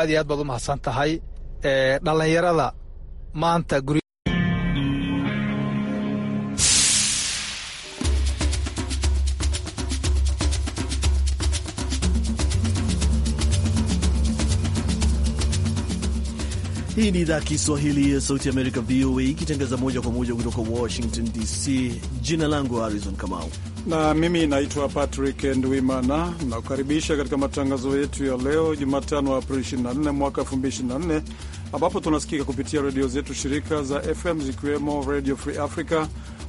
aad iyo aad baad u mahadsan tahay ee, dhallinyarada maanta guri Hii ni idhaa Kiswahili ya Sauti Amerika, VOA, ikitangaza moja kwa moja kutoka Washington DC. Jina langu Harrison Kamau na mimi naitwa Patrick Ndwimana. Nakukaribisha katika matangazo yetu ya leo Jumatano, Aprili 24 mwaka 2024, ambapo tunasikika kupitia redio zetu shirika za FM zikiwemo Radio Free Africa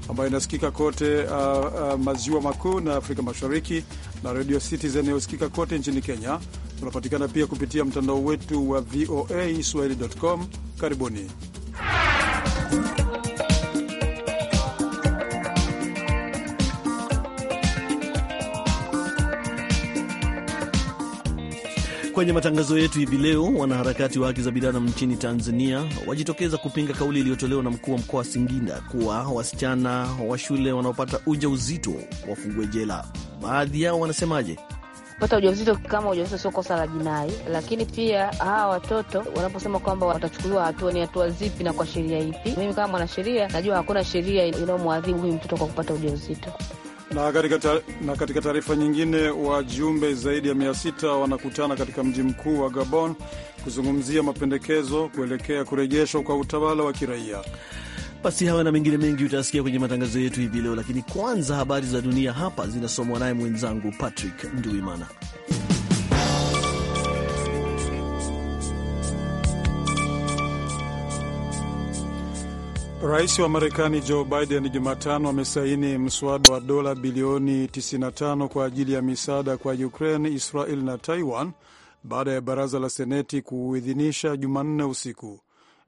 ambayo inasikika kote uh, uh, maziwa makuu na Afrika Mashariki na Radio Citizen inayosikika kote nchini Kenya. Tunapatikana pia kupitia mtandao wetu wa VOA swahili.com. Karibuni Kwenye matangazo yetu hivi leo, wanaharakati wa haki za binadamu nchini Tanzania wajitokeza kupinga kauli iliyotolewa na mkuu wa mkoa wa Singida kuwa wasichana wa shule wanaopata uja uzito wafungwe jela. Baadhi yao wanasemaje? Pata ujauzito kama ujauzito sio kosa la jinai, lakini pia hawa watoto wanaposema kwamba watachukuliwa hatua, ni hatua zipi na kwa sheria ipi? Mimi kama mwanasheria najua hakuna sheria inayomwadhibu huyu mtoto kwa kupata ujauzito. Na katika, na katika taarifa nyingine, wajumbe zaidi ya sita wanakutana katika mji mkuu wa Gabon kuzungumzia mapendekezo kuelekea kurejeshwa kwa utawala wa kiraia. Basi hawa na mengine mengi utasikia kwenye matangazo yetu hivi leo, lakini kwanza habari za dunia hapa zinasomwa naye mwenzangu Patrick Nduimana. Rais wa Marekani Joe Biden Jumatano amesaini mswada wa dola bilioni 95 kwa ajili ya misaada kwa Ukraine, Israel na Taiwan baada ya baraza la Seneti kuuidhinisha Jumanne usiku.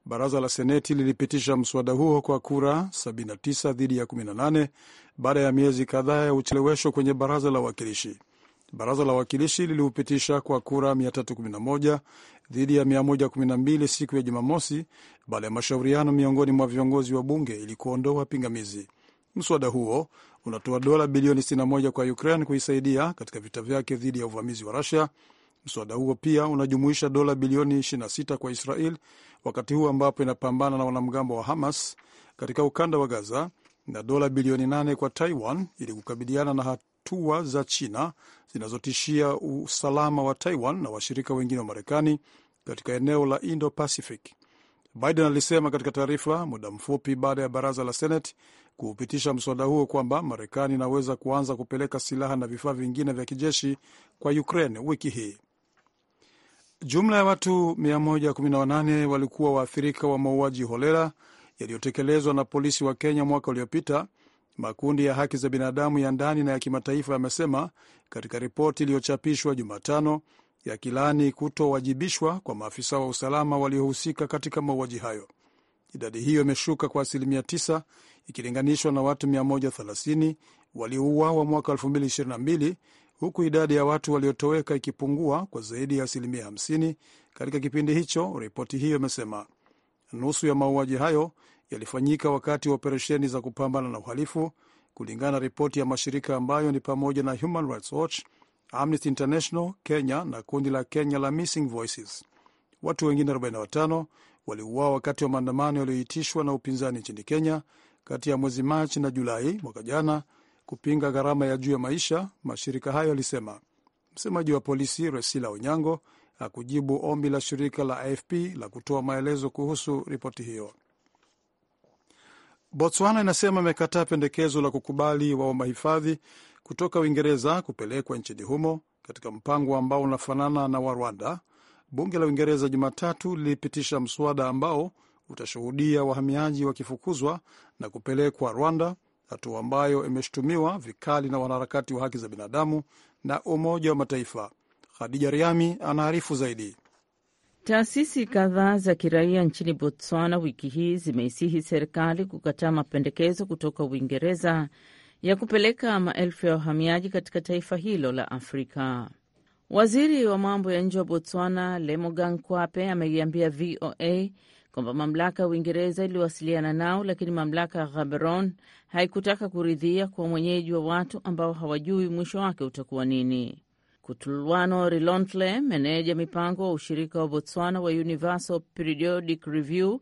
Baraza la Seneti lilipitisha mswada huo kwa kura 79 dhidi ya 18 baada ya miezi kadhaa ya uchelewesho kwenye baraza la wawakilishi. Baraza la wawakilishi liliupitisha kwa kura 311 dhidi ya 112 siku ya Jumamosi baada ya mashauriano miongoni mwa viongozi wa bunge ili kuondoa pingamizi. Mswada huo unatoa dola bilioni 61 kwa Ukraine kuisaidia katika vita vyake dhidi ya uvamizi wa Rusia. Mswada huo pia unajumuisha dola bilioni 26 kwa Israel wakati huu ambapo inapambana na wanamgambo wa Hamas katika ukanda wa Gaza na dola bilioni 8 kwa Taiwan ili kukabiliana na hatua za China zinazotishia usalama wa Taiwan na washirika wengine wa Marekani katika eneo la Indo-Pacific. Biden alisema katika taarifa muda mfupi baada ya baraza la Seneti kuupitisha mswada huo kwamba Marekani inaweza kuanza kupeleka silaha na vifaa vingine vya kijeshi kwa Ukraine wiki hii. Jumla ya watu 118 walikuwa waathirika wa mauaji holela yaliyotekelezwa na polisi wa Kenya mwaka uliopita Makundi ya haki za binadamu ya ndani na ya kimataifa yamesema katika ripoti iliyochapishwa Jumatano kilani kutowajibishwa kwa maafisa wa usalama waliohusika katika mauaji hayo. Idadi hiyo imeshuka kwa asilimia 9 ikilinganishwa na watu 130 waliouawa mwaka 2022 huku idadi ya watu waliotoweka ikipungua kwa zaidi ya asilimia 50 katika kipindi hicho, ripoti hiyo imesema. Nusu ya mauaji hayo yalifanyika wakati wa operesheni za kupambana na uhalifu, kulingana na ripoti ya mashirika ambayo ni pamoja na Human Rights Watch, Amnesty International Kenya na kundi la Kenya la Missing Voices. Watu wengine 45 waliuawa wakati wa maandamano yaliyoitishwa na upinzani nchini Kenya kati ya mwezi Machi na Julai mwaka jana kupinga gharama ya juu ya maisha, mashirika hayo yalisema. Msemaji wa polisi Resila Onyango hakujibu ombi la shirika la AFP la kutoa maelezo kuhusu ripoti hiyo. Botswana inasema imekataa pendekezo la kukubali waomba hifadhi kutoka Uingereza kupelekwa nchini humo katika mpango ambao unafanana na wa Rwanda. Bunge la Uingereza Jumatatu lilipitisha mswada ambao utashuhudia wahamiaji wakifukuzwa na kupelekwa Rwanda, hatua ambayo imeshutumiwa vikali na wanaharakati wa haki za binadamu na Umoja wa Mataifa. Khadija Riami anaarifu zaidi. Taasisi kadhaa za kiraia nchini Botswana wiki hii zimeisihi serikali kukataa mapendekezo kutoka Uingereza ya kupeleka maelfu ya wahamiaji katika taifa hilo la Afrika. Waziri wa mambo ya nje wa Botswana, Lemogang Kwape, ameiambia VOA kwamba mamlaka ya Uingereza iliwasiliana nao, lakini mamlaka ya Gaborone haikutaka kuridhia kuwa mwenyeji wa watu ambao hawajui mwisho wake utakuwa nini. Kutulwano Rilontle, meneja mipango wa ushirika wa Botswana wa Universal Periodic Review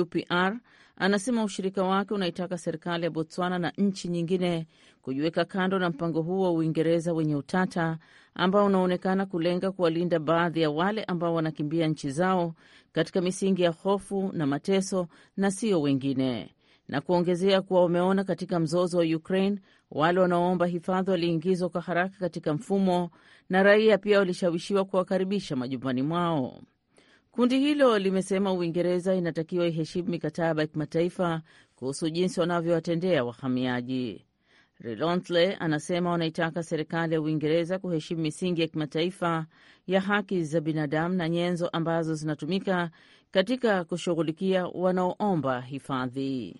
UPR, anasema ushirika wake unaitaka serikali ya Botswana na nchi nyingine kujiweka kando na mpango huo wa Uingereza wenye utata ambao unaonekana kulenga kuwalinda baadhi ya wale ambao wanakimbia nchi zao katika misingi ya hofu na mateso na sio wengine, na kuongezea kuwa wameona katika mzozo wa Ukraine wale wanaoomba hifadhi waliingizwa kwa haraka katika mfumo na raia pia walishawishiwa kuwakaribisha majumbani mwao. Kundi hilo limesema Uingereza inatakiwa iheshimu mikataba ya kimataifa kuhusu jinsi wanavyowatendea wahamiaji. Relontle anasema wanaitaka serikali ya Uingereza kuheshimu misingi ya kimataifa ya haki za binadamu na nyenzo ambazo zinatumika katika kushughulikia wanaoomba hifadhi.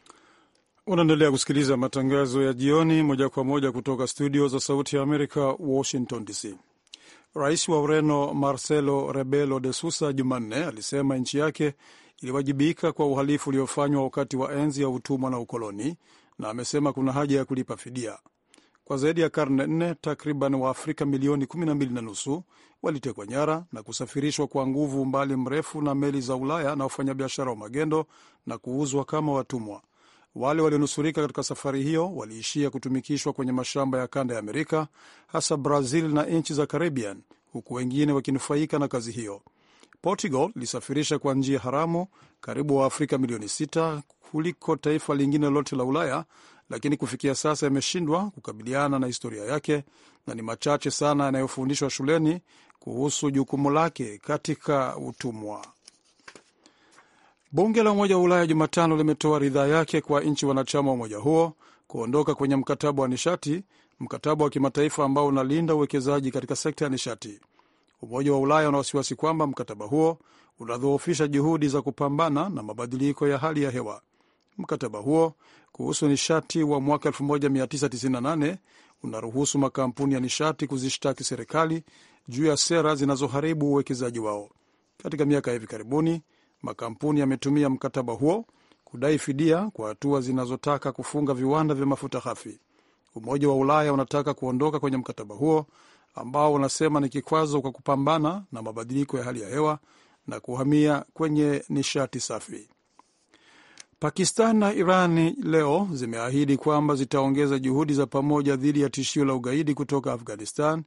Unaendelea kusikiliza matangazo ya jioni moja kwa moja kutoka studio za Sauti ya Amerika, Washington DC. Rais wa Ureno Marcelo Rebelo de Sousa Jumanne alisema nchi yake iliwajibika kwa uhalifu uliofanywa wakati wa enzi ya utumwa na ukoloni, na amesema kuna haja ya kulipa fidia. Kwa zaidi ya karne nne, takriban Waafrika milioni 12 na nusu walitekwa nyara na kusafirishwa kwa nguvu umbali mrefu na meli za Ulaya na wafanyabiashara wa magendo na kuuzwa kama watumwa. Wale walionusurika katika safari hiyo waliishia kutumikishwa kwenye mashamba ya kanda ya Amerika, hasa Brazil na nchi za Caribbean, huku wengine wakinufaika na kazi hiyo. Portugal ilisafirisha kwa njia haramu karibu Waafrika milioni sita kuliko taifa lingine lolote la Ulaya, lakini kufikia sasa yameshindwa kukabiliana na historia yake na ni machache sana yanayofundishwa shuleni kuhusu jukumu lake katika utumwa. Bunge la Umoja wa Ulaya Jumatano limetoa ridhaa yake kwa nchi wanachama wa umoja huo kuondoka kwenye mkataba wa nishati, mkataba wa kimataifa ambao unalinda uwekezaji katika sekta ya nishati. Umoja wa Ulaya una wasiwasi kwamba mkataba huo unadhoofisha juhudi za kupambana na mabadiliko ya hali ya hewa. Mkataba huo kuhusu nishati wa mwaka 1998 unaruhusu makampuni ya nishati kuzishtaki serikali juu ya sera zinazoharibu uwekezaji wao. Katika miaka ya hivi karibuni, makampuni yametumia mkataba huo kudai fidia kwa hatua zinazotaka kufunga viwanda vya mafuta ghafi. Umoja wa Ulaya unataka kuondoka kwenye mkataba huo ambao unasema ni kikwazo kwa kupambana na mabadiliko ya hali ya hewa na kuhamia kwenye nishati safi. Pakistan na Iran leo zimeahidi kwamba zitaongeza juhudi za pamoja dhidi ya tishio la ugaidi kutoka Afghanistan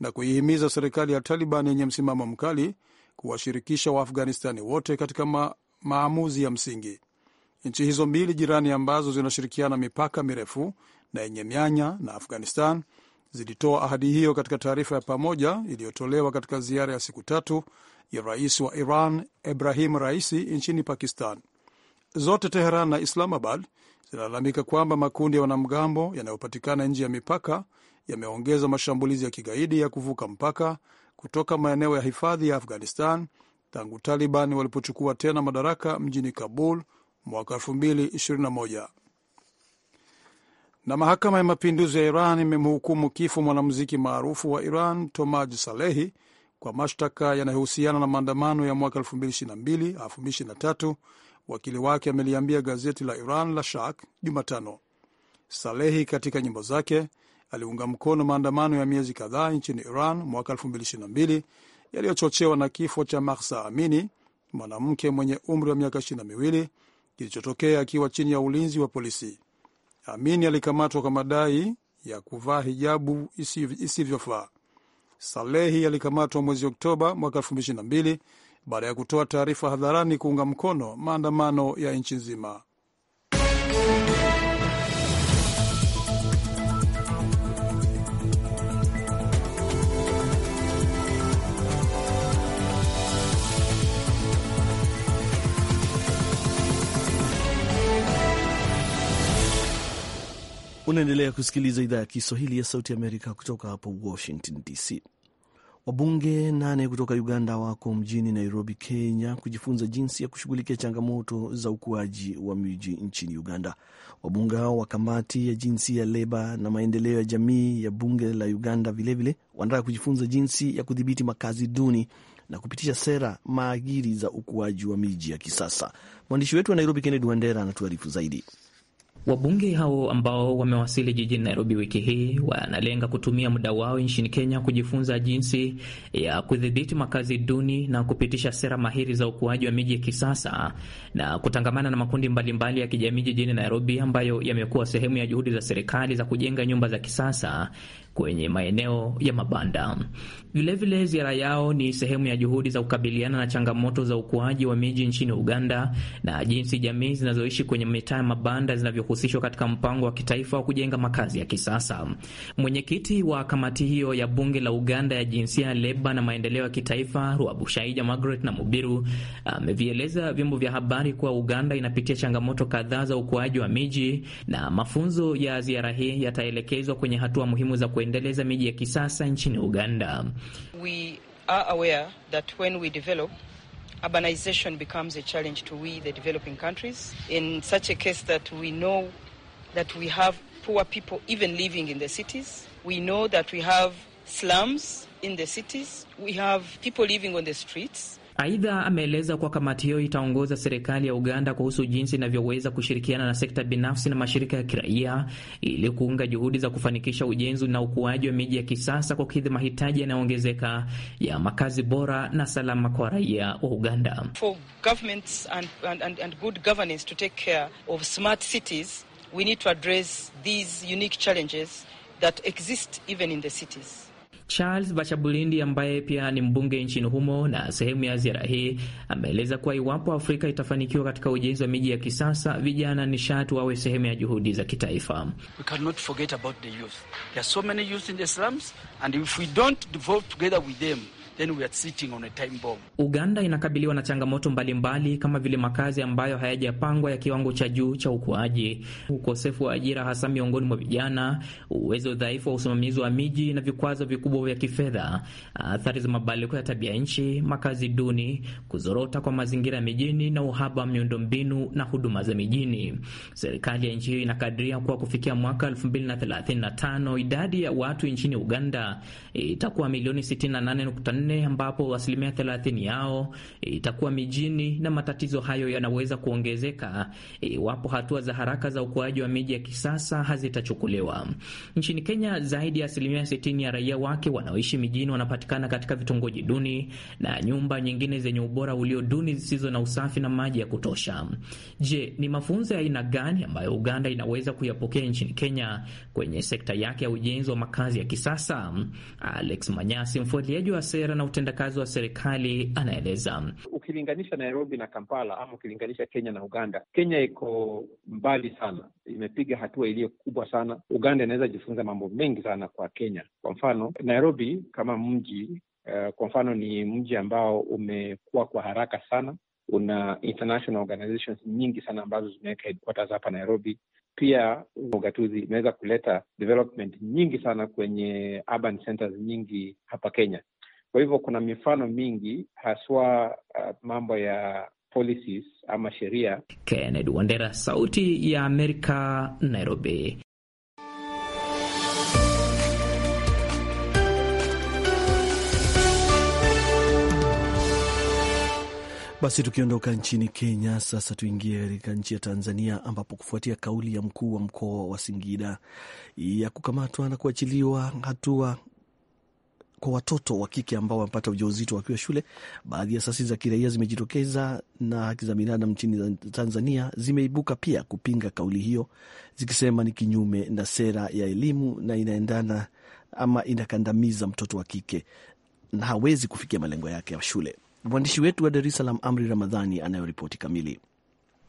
na kuihimiza serikali ya Taliban yenye msimamo mkali kuwashirikisha Waafghanistani wote katika ma maamuzi ya msingi. Nchi hizo mbili jirani ambazo zinashirikiana mipaka mirefu na yenye mianya na Afghanistan zilitoa ahadi hiyo katika taarifa ya pamoja iliyotolewa katika ziara ya siku tatu ya rais wa Iran Ibrahim Raisi nchini Pakistan. Zote Teheran na Islamabad zinalalamika kwamba makundi ya wanamgambo yanayopatikana nje ya mipaka yameongeza mashambulizi ya kigaidi ya kuvuka mpaka kutoka maeneo ya hifadhi ya Afghanistan tangu Taliban walipochukua tena madaraka mjini Kabul mwaka 2021. Na mahakama ya mapinduzi ya Iran imemhukumu kifo mwanamuziki maarufu wa Iran Tomaj Salehi kwa mashtaka yanayohusiana na maandamano ya mwaka 2022 2023, wakili wake ameliambia gazeti la Iran la Shak Jumatano. Salehi katika nyimbo zake aliunga mkono maandamano ya miezi kadhaa nchini Iran mwaka 2022 yaliyochochewa na kifo cha Mahsa Amini, mwanamke mwenye umri wa miaka 22 na miwili, kilichotokea akiwa chini ya ulinzi wa polisi. Amini alikamatwa kwa madai ya kuvaa hijabu isivyofaa. Salehi alikamatwa mwezi Oktoba mwaka 2022 baada ya kutoa taarifa hadharani kuunga mkono maandamano ya nchi nzima. Unaendelea kusikiliza idhaa ya Kiswahili ya Sauti Amerika kutoka hapo Washington DC. Wabunge nane kutoka Uganda wako mjini Nairobi, Kenya, kujifunza jinsi ya kushughulikia changamoto za ukuaji wa miji nchini Uganda. Wabunge hao wa kamati ya jinsia, leba na maendeleo ya jamii ya bunge la Uganda vilevile wanataka kujifunza jinsi ya kudhibiti makazi duni na kupitisha sera maagiri za ukuaji wa miji ya kisasa. Mwandishi wetu wa Nairobi, Kennedy Wandera, anatuarifu zaidi. Wabunge hao ambao wamewasili jijini Nairobi wiki hii wanalenga kutumia muda wao nchini Kenya kujifunza jinsi ya kudhibiti makazi duni na kupitisha sera mahiri za ukuaji wa miji ya kisasa na kutangamana na makundi mbalimbali mbali ya kijamii jijini Nairobi ambayo yamekuwa sehemu ya juhudi za serikali za kujenga nyumba za kisasa kwenye maeneo ya mabanda. Vilevile, ziara yao ni sehemu ya juhudi za kukabiliana na changamoto za ukuaji wa miji nchini Uganda na jinsi jamii zinazoishi kwenye mitaa ya mabanda zinavyohusishwa katika mpango wa kitaifa wa kujenga makazi ya kisasa. Mwenyekiti wa kamati hiyo ya bunge la Uganda ya jinsia, leba na maendeleo ya kitaifa, Rwabushaija Margaret na Mubiru amevieleza vyombo vya habari kuwa Uganda inapitia changamoto kadhaa za ukuaji wa miji na mafunzo ya ziara hii yataelekezwa kwenye hatua muhimu za kwe kuendeleza miji ya kisasa nchini Uganda. We are aware that when we develop urbanization becomes a challenge to we the developing countries in such a case that we know that we have poor people even living in the cities. We know that we have slums in the cities. We have people living on the streets. Aidha, ameeleza kuwa kamati hiyo itaongoza serikali ya Uganda kuhusu jinsi inavyoweza kushirikiana na sekta binafsi na mashirika ya kiraia ili kuunga juhudi za kufanikisha ujenzi na ukuaji wa miji ya kisasa kukidhi mahitaji yanayoongezeka ya makazi bora na salama kwa raia wa Uganda. For governments and, and, and, and good governance to take care of smart cities, we need to address these unique challenges that exist even in the cities. Charles Bashabulindi ambaye pia ni mbunge nchini humo na sehemu ya ziara hii ameeleza kuwa iwapo Afrika itafanikiwa katika ujenzi wa miji ya kisasa, vijana ni wawe sehemu ya juhudi za kitaifa. We then we are sitting on a time bomb. Uganda inakabiliwa na changamoto mbalimbali mbali, kama vile makazi ambayo hayajapangwa ya kiwango cha juu cha ukuaji, ukosefu wa ajira hasa miongoni mwa vijana, uwezo dhaifu wa usimamizi wa miji na vikwazo vikubwa vya kifedha, athari za mabadiliko ya tabia nchi, makazi duni, kuzorota kwa mazingira ya mijini na uhaba wa miundombinu na huduma za mijini. Serikali ya nchi hiyo inakadiria kuwa kufikia mwaka 2035 idadi ya watu nchini Uganda itakuwa milioni 68 nne ambapo asilimia thelathini yao e, itakuwa mijini, na matatizo hayo yanaweza kuongezeka e, iwapo hatua za haraka za ukuaji wa miji ya kisasa hazitachukuliwa. Nchini Kenya, zaidi ya asilimia sitini ya raia wake wanaoishi mijini wanapatikana katika vitongoji duni na nyumba nyingine zenye ubora ulio duni, zisizo na usafi na maji ya kutosha. Je, ni mafunzo ya aina gani ambayo Uganda inaweza kuyapokea nchini Kenya kwenye sekta yake ya ujenzi wa makazi ya kisasa. Alex Manyasi, mfuatiliaji wa sera na utendakazi wa serikali, anaeleza. Ukilinganisha Nairobi na Kampala ama ukilinganisha Kenya na Uganda, Kenya iko mbali sana, imepiga hatua iliyo kubwa sana. Uganda inaweza jifunza mambo mengi sana kwa Kenya. Kwa mfano, Nairobi kama mji uh, kwa mfano ni mji ambao umekuwa kwa haraka sana una international organizations nyingi sana ambazo zimeweka headquarters hapa Nairobi. Pia ugatuzi imeweza kuleta development nyingi sana kwenye urban centers nyingi hapa Kenya. Kwa hivyo kuna mifano mingi haswa, uh, mambo ya policies ama sheria. Kennedy Wandera, Sauti ya Amerika, Nairobi. Basi tukiondoka nchini Kenya, sasa tuingie katika nchi ya Tanzania, ambapo kufuatia kauli ya mkuu wa mkoa wa Singida ya kukamatwa na kuachiliwa hatua kwa watoto wa kike ambao wamepata ujauzito wakiwa shule, baadhi ya asasi za kiraia zimejitokeza na haki za binadamu nchini Tanzania zimeibuka pia kupinga kauli hiyo, zikisema ni kinyume na sera ya elimu na inaendana ama inakandamiza mtoto wa kike na hawezi kufikia malengo yake ya shule. Mwandishi wetu wa Dar es Salaam, Amri Ramadhani, anayoripoti kamili.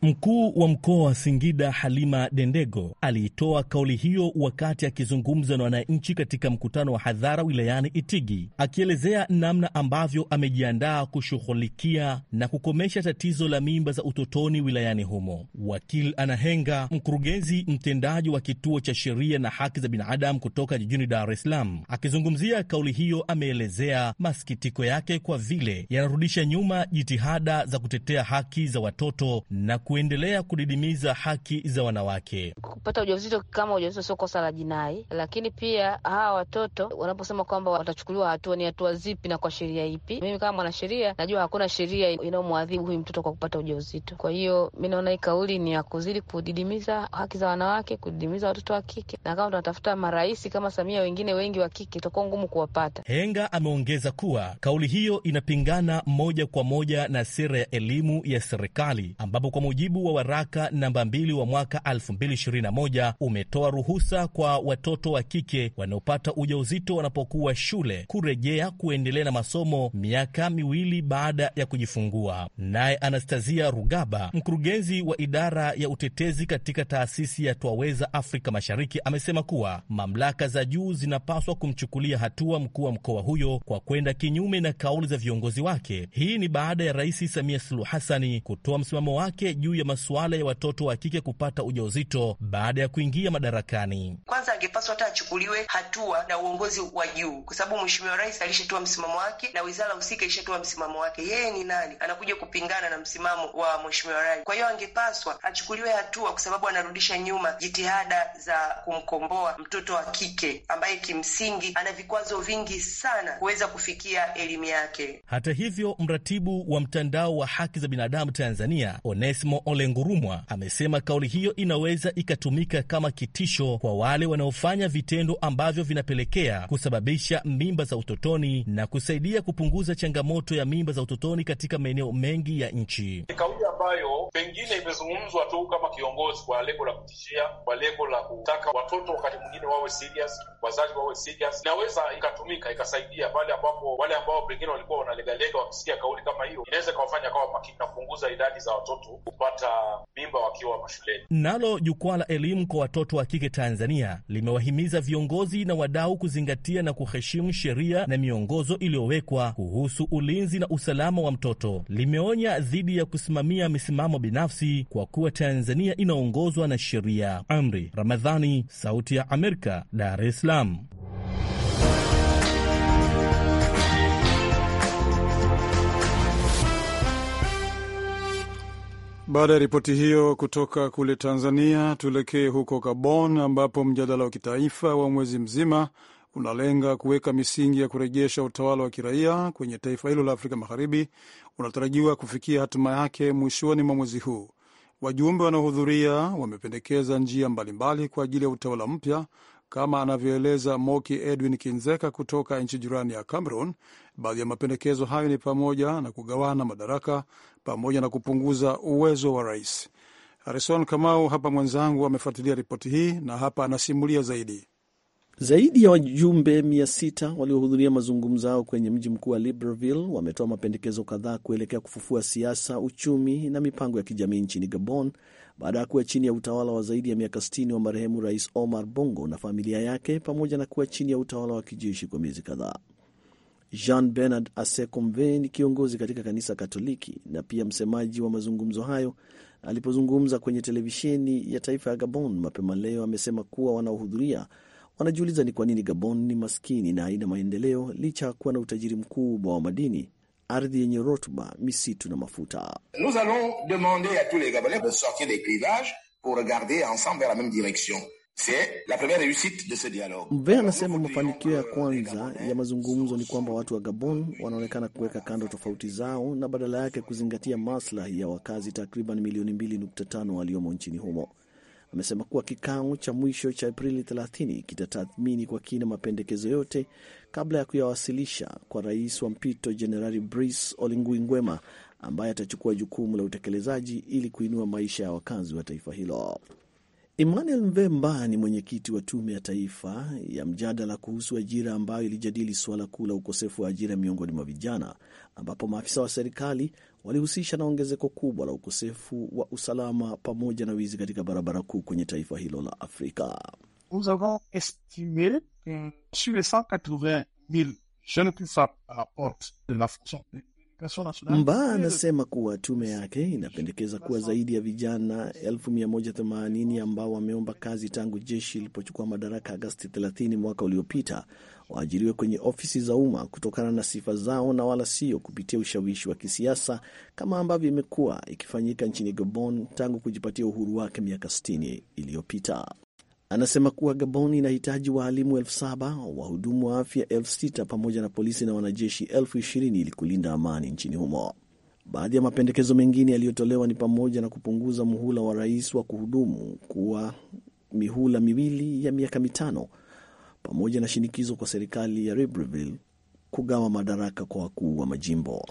Mkuu wa mkoa wa Singida Halima Dendego aliitoa kauli hiyo wakati akizungumza na wananchi katika mkutano wa hadhara wilayani Itigi, akielezea namna ambavyo amejiandaa kushughulikia na kukomesha tatizo la mimba za utotoni wilayani humo. Wakil Anahenga, mkurugenzi mtendaji wa kituo cha sheria na haki za binadamu kutoka jijini Dar es Salaam, akizungumzia kauli hiyo, ameelezea masikitiko yake kwa vile yanarudisha nyuma jitihada za kutetea haki za watoto na ku kuendelea kudidimiza haki za wanawake. Kupata ujauzito kama ujauzito sio kosa la jinai, lakini pia hawa watoto wanaposema kwamba watachukuliwa hatua, ni hatua zipi na kwa sheria ipi? Mimi kama mwanasheria najua hakuna sheria inayomwadhibu huyu mtoto kwa kupata ujauzito. Kwa hiyo mi naona hii kauli ni ya kuzidi kudidimiza haki za wanawake, kudidimiza watoto wa kike, na kama tunatafuta marahisi kama Samia, wengine wengi wa kike itakuwa ngumu kuwapata. Henga ameongeza kuwa kauli hiyo inapingana moja kwa moja na sera ya elimu ya serikali ambapo kwa mujibu mujibu wa waraka namba 2 wa mwaka 2021 umetoa ruhusa kwa watoto wa kike wanaopata ujauzito wanapokuwa shule kurejea kuendelea na masomo miaka miwili baada ya kujifungua. Naye Anastazia Rugaba, mkurugenzi wa idara ya utetezi katika taasisi ya Twaweza Afrika Mashariki, amesema kuwa mamlaka za juu zinapaswa kumchukulia hatua mkuu wa mkoa huyo kwa kwenda kinyume na kauli za viongozi wake. Hii ni baada ya Rais Samia Suluhu Hasani kutoa msimamo wake juu juu ya masuala ya watoto wa kike kupata ujauzito baada ya kuingia madarakani. Kwanza angepaswa hata achukuliwe hatua na uongozi wa juu, kwa sababu mheshimiwa rais alishatoa msimamo wake na wizara husika ilishatoa msimamo wake. Yeye ni nani anakuja kupingana na msimamo wa mheshimiwa rais? Kwa hiyo angepaswa achukuliwe hatua, kwa sababu anarudisha nyuma jitihada za kumkomboa mtoto wa kike ambaye kimsingi ana vikwazo vingi sana kuweza kufikia elimu yake. Hata hivyo, mratibu wa mtandao wa haki za binadamu Tanzania Onesmo Omo Ole Ngurumwa amesema kauli hiyo inaweza ikatumika kama kitisho kwa wale wanaofanya vitendo ambavyo vinapelekea kusababisha mimba za utotoni na kusaidia kupunguza changamoto ya mimba za utotoni katika maeneo mengi ya nchi. Kauli ya ambayo pengine imezungumzwa tu kama kiongozi kwa lengo la kutishia, kwa lengo la kutaka watoto wakati mwingine wawe serious, wazazi wawe serious, inaweza ikatumika ikasaidia pale ambapo wale ambao pengine walikuwa wanalegalega wakisikia kauli kama hiyo, inaweza ikawafanya kawa makini na kupunguza idadi za watoto kupata mimba wakiwa mashuleni. Nalo jukwaa la elimu kwa watoto wa kike Tanzania limewahimiza viongozi na wadau kuzingatia na kuheshimu sheria na miongozo iliyowekwa kuhusu ulinzi na usalama wa mtoto. Limeonya dhidi ya kusimamia kutumia misimamo binafsi kwa kuwa Tanzania inaongozwa na sheria. Amri Ramadhani, Sauti ya Amerika, Dar es Salaam. Baada ya ripoti hiyo kutoka kule Tanzania, tuelekee huko Gabon ambapo mjadala wa kitaifa wa mwezi mzima unalenga kuweka misingi ya kurejesha utawala wa kiraia kwenye taifa hilo la Afrika Magharibi unatarajiwa kufikia hatima yake mwishoni mwa mwezi huu. Wajumbe wanaohudhuria wamependekeza njia mbalimbali kwa ajili ya utawala mpya, kama anavyoeleza Moki Edwin Kinzeka kutoka nchi jirani ya Cameroon. Baadhi ya mapendekezo hayo ni pamoja na kugawana madaraka pamoja na kupunguza uwezo wa rais. Harison Kamau hapa mwenzangu amefuatilia ripoti hii na hapa anasimulia zaidi. Zaidi ya wajumbe mia sita waliohudhuria mazungumzo hayo kwenye mji mkuu wa Libreville wametoa mapendekezo kadhaa kuelekea kufufua siasa, uchumi na mipango ya kijamii nchini Gabon baada ya kuwa chini ya utawala wa zaidi ya miaka 60 wa marehemu Rais Omar Bongo na familia yake pamoja na kuwa chini ya utawala wa kijeshi kwa miezi kadhaa. Jean Bernard Asekomve ni kiongozi katika kanisa Katoliki na pia msemaji wa mazungumzo hayo. Alipozungumza kwenye televisheni ya taifa ya Gabon mapema leo, amesema kuwa wanaohudhuria Wanajiuliza ni kwa nini Gabon ni maskini na haina maendeleo licha ya kuwa na utajiri mkubwa wa madini, ardhi yenye rutuba, misitu na mafuta. Nous allons demander a tous les Gabonais de sortir des clivages pour regarder ensemble vers la meme direction. Mvea anasema mafanikio ya kwanza ya mazungumzo ni kwamba watu wa Gabon wanaonekana kuweka kando tofauti zao na badala yake kuzingatia maslahi ya wakazi takriban milioni 2.5 waliomo nchini humo amesema kuwa kikao cha mwisho cha Aprili 30 kitatathmini kwa kina mapendekezo yote kabla ya kuyawasilisha kwa rais wa mpito Jenerali Brice Oligui Nguema ambaye atachukua jukumu la utekelezaji ili kuinua maisha ya wakazi wa taifa hilo. Emmanuel Mvemba ni mwenyekiti wa tume ya taifa ya mjadala kuhusu ajira ambayo ilijadili suala kuu la ukosefu wa ajira miongoni mwa vijana, ambapo maafisa wa serikali, walihusisha na ongezeko kubwa la ukosefu wa usalama pamoja na wizi katika barabara kuu kwenye taifa hilo la Afrika. Nous avons que sur les 180 000 jeunes qui à la porte de la fonction Mbaa anasema kuwa tume yake inapendekeza kuwa zaidi ya vijana 180 ambao wameomba kazi tangu jeshi ilipochukua madaraka Agasti 30 mwaka uliopita waajiriwe kwenye ofisi za umma kutokana na sifa zao na wala sio kupitia ushawishi wa kisiasa kama ambavyo imekuwa ikifanyika nchini Gabon tangu kujipatia uhuru wake miaka 60 iliyopita. Anasema kuwa Gabon inahitaji waalimu elfu saba, wahudumu wa afya elfu sita pamoja na polisi na wanajeshi elfu ishirini ili kulinda amani nchini humo. Baadhi ya mapendekezo mengine yaliyotolewa ni pamoja na kupunguza muhula wa rais wa kuhudumu kuwa mihula miwili ya miaka mitano, pamoja na shinikizo kwa serikali ya Libreville kugawa madaraka kwa wakuu wa majimbo.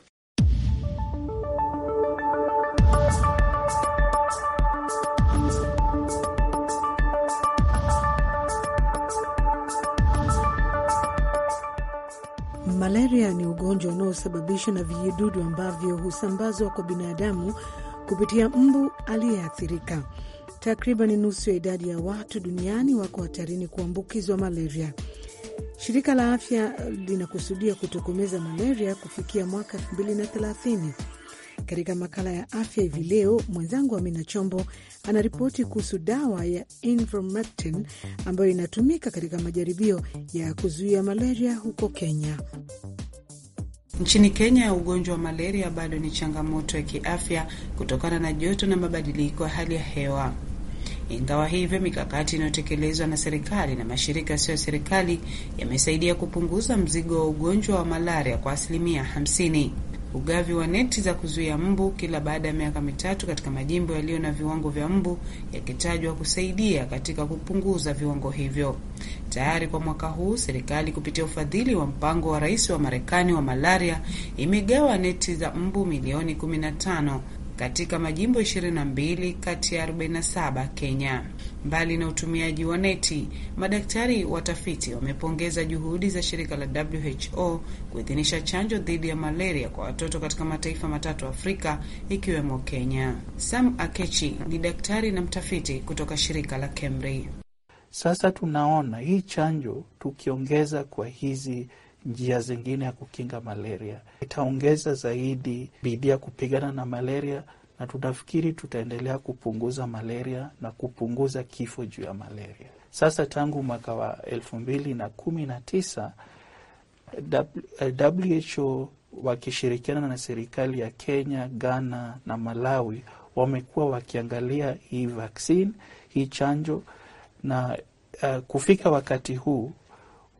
Malaria ni ugonjwa unaosababishwa na vijidudu ambavyo husambazwa kwa binadamu kupitia mbu aliyeathirika. Takriban nusu ya idadi ya watu duniani wako hatarini kuambukizwa malaria. Shirika la Afya linakusudia kutokomeza malaria kufikia mwaka 2030 katika makala ya afya hivi leo, mwenzangu Amina Chombo anaripoti kuhusu dawa ya Ivermectin ambayo inatumika katika majaribio ya kuzuia malaria huko Kenya. Nchini Kenya, ugonjwa wa malaria bado ni changamoto ya kiafya kutokana na joto na mabadiliko ya hali ya hewa. Ingawa hivyo, mikakati inayotekelezwa na serikali na mashirika yasiyo serikali yamesaidia kupunguza mzigo wa ugonjwa wa malaria kwa asilimia hamsini ugavi wa neti za kuzuia mbu kila baada ya miaka mitatu katika majimbo yaliyo na viwango vya mbu yakitajwa kusaidia katika kupunguza viwango hivyo. Tayari kwa mwaka huu serikali kupitia ufadhili wa mpango wa rais wa Marekani wa malaria imegawa neti za mbu milioni 15 katika majimbo 22 kati ya 47 Kenya. Mbali na utumiaji wa neti, madaktari watafiti wamepongeza juhudi za shirika la WHO kuidhinisha chanjo dhidi ya malaria kwa watoto katika mataifa matatu Afrika ikiwemo Kenya. Sam Akechi ni daktari na mtafiti kutoka shirika la KEMRI. Sasa tunaona hii chanjo tukiongeza kwa hizi njia zingine ya kukinga malaria. Itaongeza zaidi bidii ya kupigana na malaria, na tunafikiri tutaendelea kupunguza malaria na kupunguza kifo juu ya malaria. Sasa tangu mwaka wa elfu mbili na kumi na tisa WHO wakishirikiana na serikali ya Kenya, Ghana na Malawi wamekuwa wakiangalia hii vaccine, hii chanjo na uh, kufika wakati huu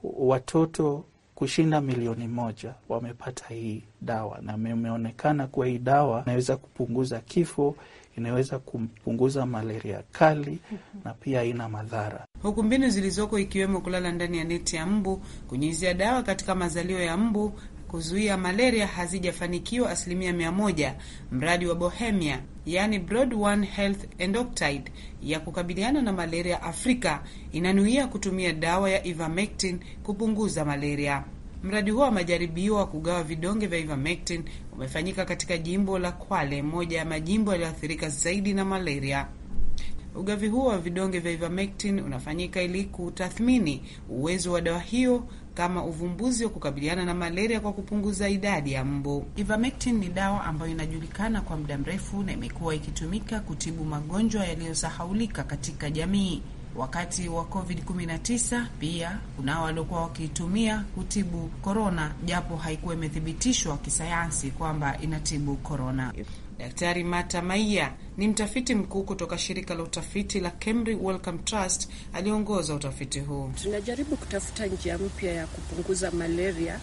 watoto kushinda milioni moja wamepata hii dawa, na imeonekana kuwa hii dawa inaweza kupunguza kifo, inaweza kupunguza malaria kali na pia haina madhara, huku mbinu zilizoko ikiwemo kulala ndani ya neti ya mbu, kunyunyizia dawa katika mazalio ya mbu kuzuia malaria hazijafanikiwa asilimia mia moja. Mradi wa Bohemia yani Broad One Health Endoctide ya kukabiliana na malaria Afrika inanuia kutumia dawa ya ivermectin kupunguza malaria. Mradi huo wa majaribio wa kugawa vidonge vya ivermectin umefanyika katika jimbo la Kwale, moja ya majimbo yaliyoathirika zaidi na malaria. Ugavi huo wa vidonge vya ivermectin unafanyika ili kutathmini uwezo wa dawa hiyo kama uvumbuzi wa kukabiliana na malaria kwa kupunguza idadi ya mbu. Ivermectin ni dawa ambayo inajulikana kwa muda mrefu na imekuwa ikitumika kutibu magonjwa yaliyosahaulika katika jamii wakati wa COVID-19. Pia kunao waliokuwa wakiitumia kutibu korona, japo haikuwa imethibitishwa kisayansi kwamba inatibu korona. Daktari Mata Maia ni mtafiti mkuu kutoka shirika la utafiti la Camry Welcome Trust aliongoza utafiti huu. Tunajaribu kutafuta njia mpya ya kupunguza malaria,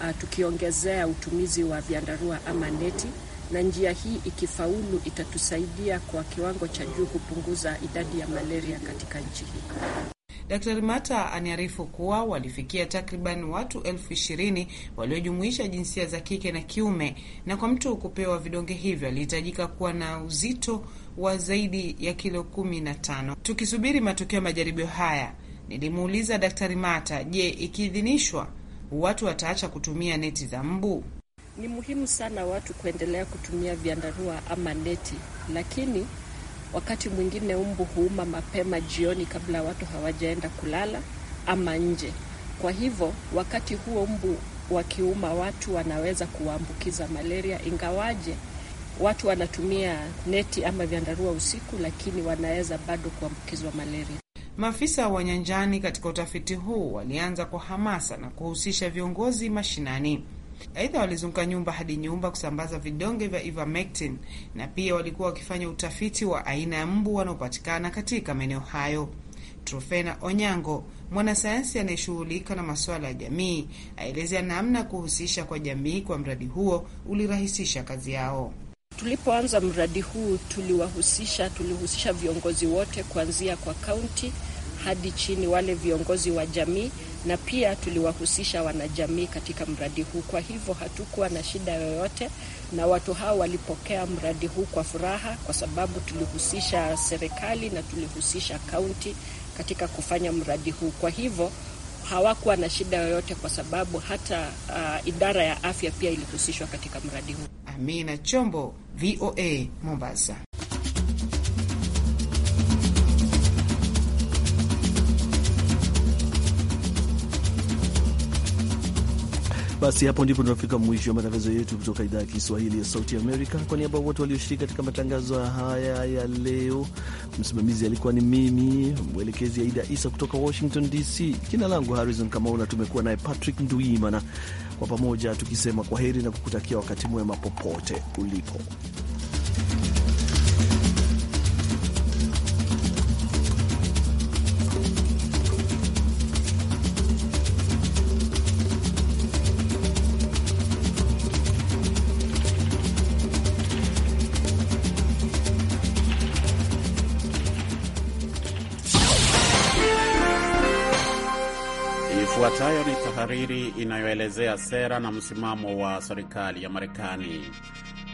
uh, tukiongezea utumizi wa vyandarua ama neti na njia hii ikifaulu, itatusaidia kwa kiwango cha juu kupunguza idadi ya malaria katika nchi hii. Daktari Mata aniarifu kuwa walifikia takriban watu elfu ishirini waliojumuisha jinsia za kike na kiume, na kwa mtu kupewa vidonge hivyo alihitajika kuwa na uzito wa zaidi ya kilo kumi na tano. Tukisubiri matokeo ya majaribio haya, nilimuuliza Daktari Mata, je, ikiidhinishwa watu wataacha kutumia neti za mbu? Ni muhimu sana watu kuendelea kutumia vyandarua ama neti, lakini wakati mwingine umbu huuma mapema jioni kabla watu hawajaenda kulala ama nje. Kwa hivyo wakati huo mbu wakiuma watu wanaweza kuwaambukiza malaria, ingawaje watu wanatumia neti ama vyandarua usiku, lakini wanaweza bado kuambukizwa malaria. Maafisa wa nyanjani katika utafiti huu walianza kwa hamasa na kuhusisha viongozi mashinani. Aidha, walizunguka nyumba hadi nyumba kusambaza vidonge vya ivermectin na pia walikuwa wakifanya utafiti wa aina ya mbu wanaopatikana katika maeneo hayo. Trofena Onyango, mwanasayansi anayeshughulika na masuala ya jamii, aelezea namna kuhusisha kwa jamii kwa mradi huo ulirahisisha kazi yao. Tulipoanza mradi huu tuliwahusisha, tulihusisha viongozi wote kuanzia kwa kaunti hadi chini, wale viongozi wa jamii na pia tuliwahusisha wanajamii katika mradi huu. Kwa hivyo hatukuwa na shida yoyote, na watu hao walipokea mradi huu kwa furaha, kwa sababu tulihusisha serikali na tulihusisha kaunti katika kufanya mradi huu. Kwa hivyo hawakuwa na shida yoyote, kwa sababu hata uh, idara ya afya pia ilihusishwa katika mradi huu. Amina Chombo, VOA, Mombasa. Basi hapo ndipo tunafika mwisho wa matangazo yetu kutoka idhaa ya Kiswahili ya Sauti Amerika. Kwa niaba wote walioshiriki katika matangazo haya ya leo, msimamizi alikuwa ni mimi, mwelekezi Aida Isa kutoka Washington DC. Jina langu Harrison Kamau na tumekuwa naye Patrick Nduimana, kwa pamoja tukisema kwa heri na kukutakia wakati mwema popote ulipo. inayoelezea sera na msimamo wa serikali ya Marekani.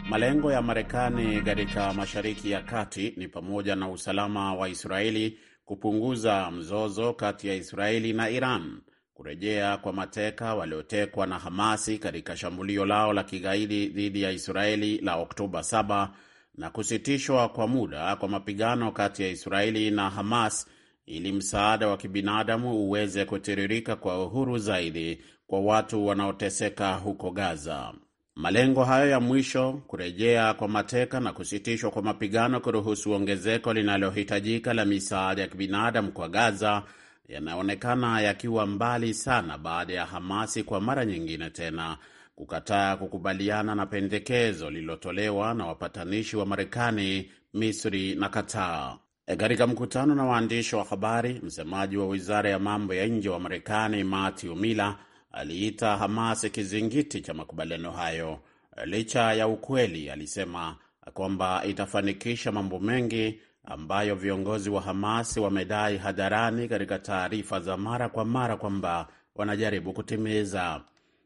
Malengo ya Marekani katika Mashariki ya Kati ni pamoja na usalama wa Israeli, kupunguza mzozo kati ya Israeli na Iran, kurejea kwa mateka waliotekwa na Hamasi katika shambulio lao la kigaidi dhidi ya Israeli la Oktoba 7 na kusitishwa kwa muda kwa mapigano kati ya Israeli na Hamas ili msaada wa kibinadamu uweze kutiririka kwa uhuru zaidi kwa watu wanaoteseka huko Gaza. Malengo hayo ya mwisho, kurejea kwa mateka na kusitishwa kwa mapigano, kuruhusu ongezeko linalohitajika la misaada ya kibinadamu kwa Gaza, yanaonekana yakiwa mbali sana baada ya Hamasi kwa mara nyingine tena kukataa kukubaliana na pendekezo lililotolewa na wapatanishi wa Marekani, Misri na Qatar. E, katika mkutano na waandishi wa habari, msemaji wa wizara ya mambo ya nje wa Marekani Matthew Miller aliita Hamas kizingiti cha makubaliano hayo, licha ya ukweli, alisema kwamba itafanikisha mambo mengi ambayo viongozi wa Hamas wamedai hadharani katika taarifa za mara kwa mara kwamba wanajaribu kutimiza.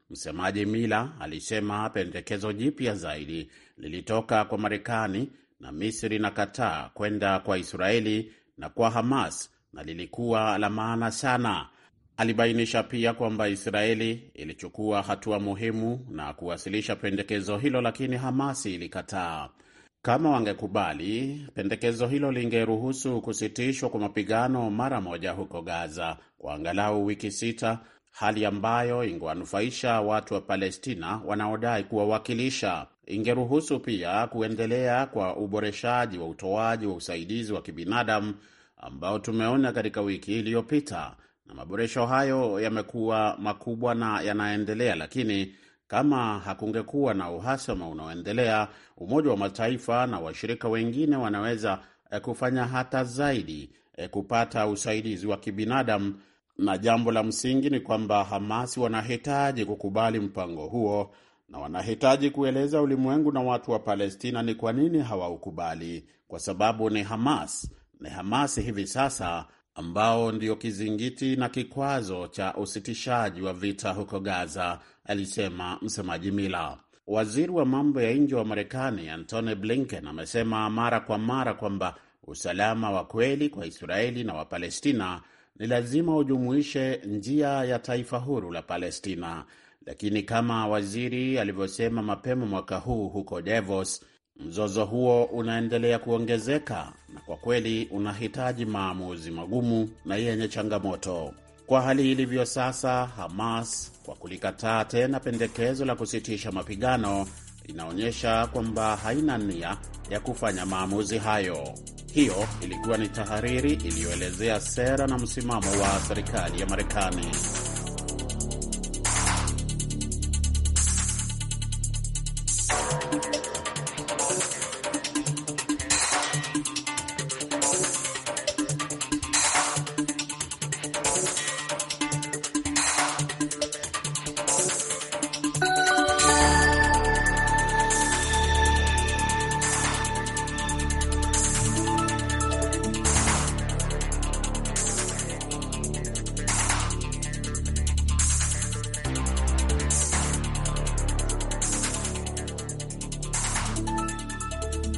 Msemaji Mila alisema pendekezo jipya zaidi lilitoka kwa Marekani na Misri na Kataa kwenda kwa Israeli na kwa Hamas, na lilikuwa la maana sana. Alibainisha pia kwamba Israeli ilichukua hatua muhimu na kuwasilisha pendekezo hilo, lakini Hamasi ilikataa. Kama wangekubali pendekezo hilo, lingeruhusu kusitishwa kwa mapigano mara moja huko Gaza kwa angalau wiki sita, hali ambayo ingewanufaisha watu wa Palestina wanaodai kuwawakilisha. Ingeruhusu pia kuendelea kwa uboreshaji wa utoaji wa usaidizi wa kibinadamu ambao tumeona katika wiki iliyopita na maboresho hayo yamekuwa makubwa na yanaendelea, lakini kama hakungekuwa na uhasama unaoendelea, Umoja wa Mataifa na washirika wengine wanaweza eh, kufanya hata zaidi eh, kupata usaidizi wa kibinadamu, na jambo la msingi ni kwamba Hamas wanahitaji kukubali mpango huo na wanahitaji kueleza ulimwengu na watu wa Palestina ni kwa nini hawaukubali, kwa sababu ni Hamas, ni Hamas hivi sasa ambao ndio kizingiti na kikwazo cha usitishaji wa vita huko Gaza, alisema msemaji Mila. Waziri wa mambo ya nje wa Marekani Antony Blinken amesema mara kwa mara kwamba usalama wa kweli kwa Israeli na Wapalestina ni lazima ujumuishe njia ya taifa huru la Palestina. Lakini kama waziri alivyosema mapema mwaka huu huko Davos, Mzozo huo unaendelea kuongezeka na kwa kweli unahitaji maamuzi magumu na yenye changamoto. Kwa hali ilivyo sasa, Hamas kwa kulikataa tena pendekezo la kusitisha mapigano inaonyesha kwamba haina nia ya kufanya maamuzi hayo. Hiyo ilikuwa ni tahariri iliyoelezea sera na msimamo wa serikali ya Marekani.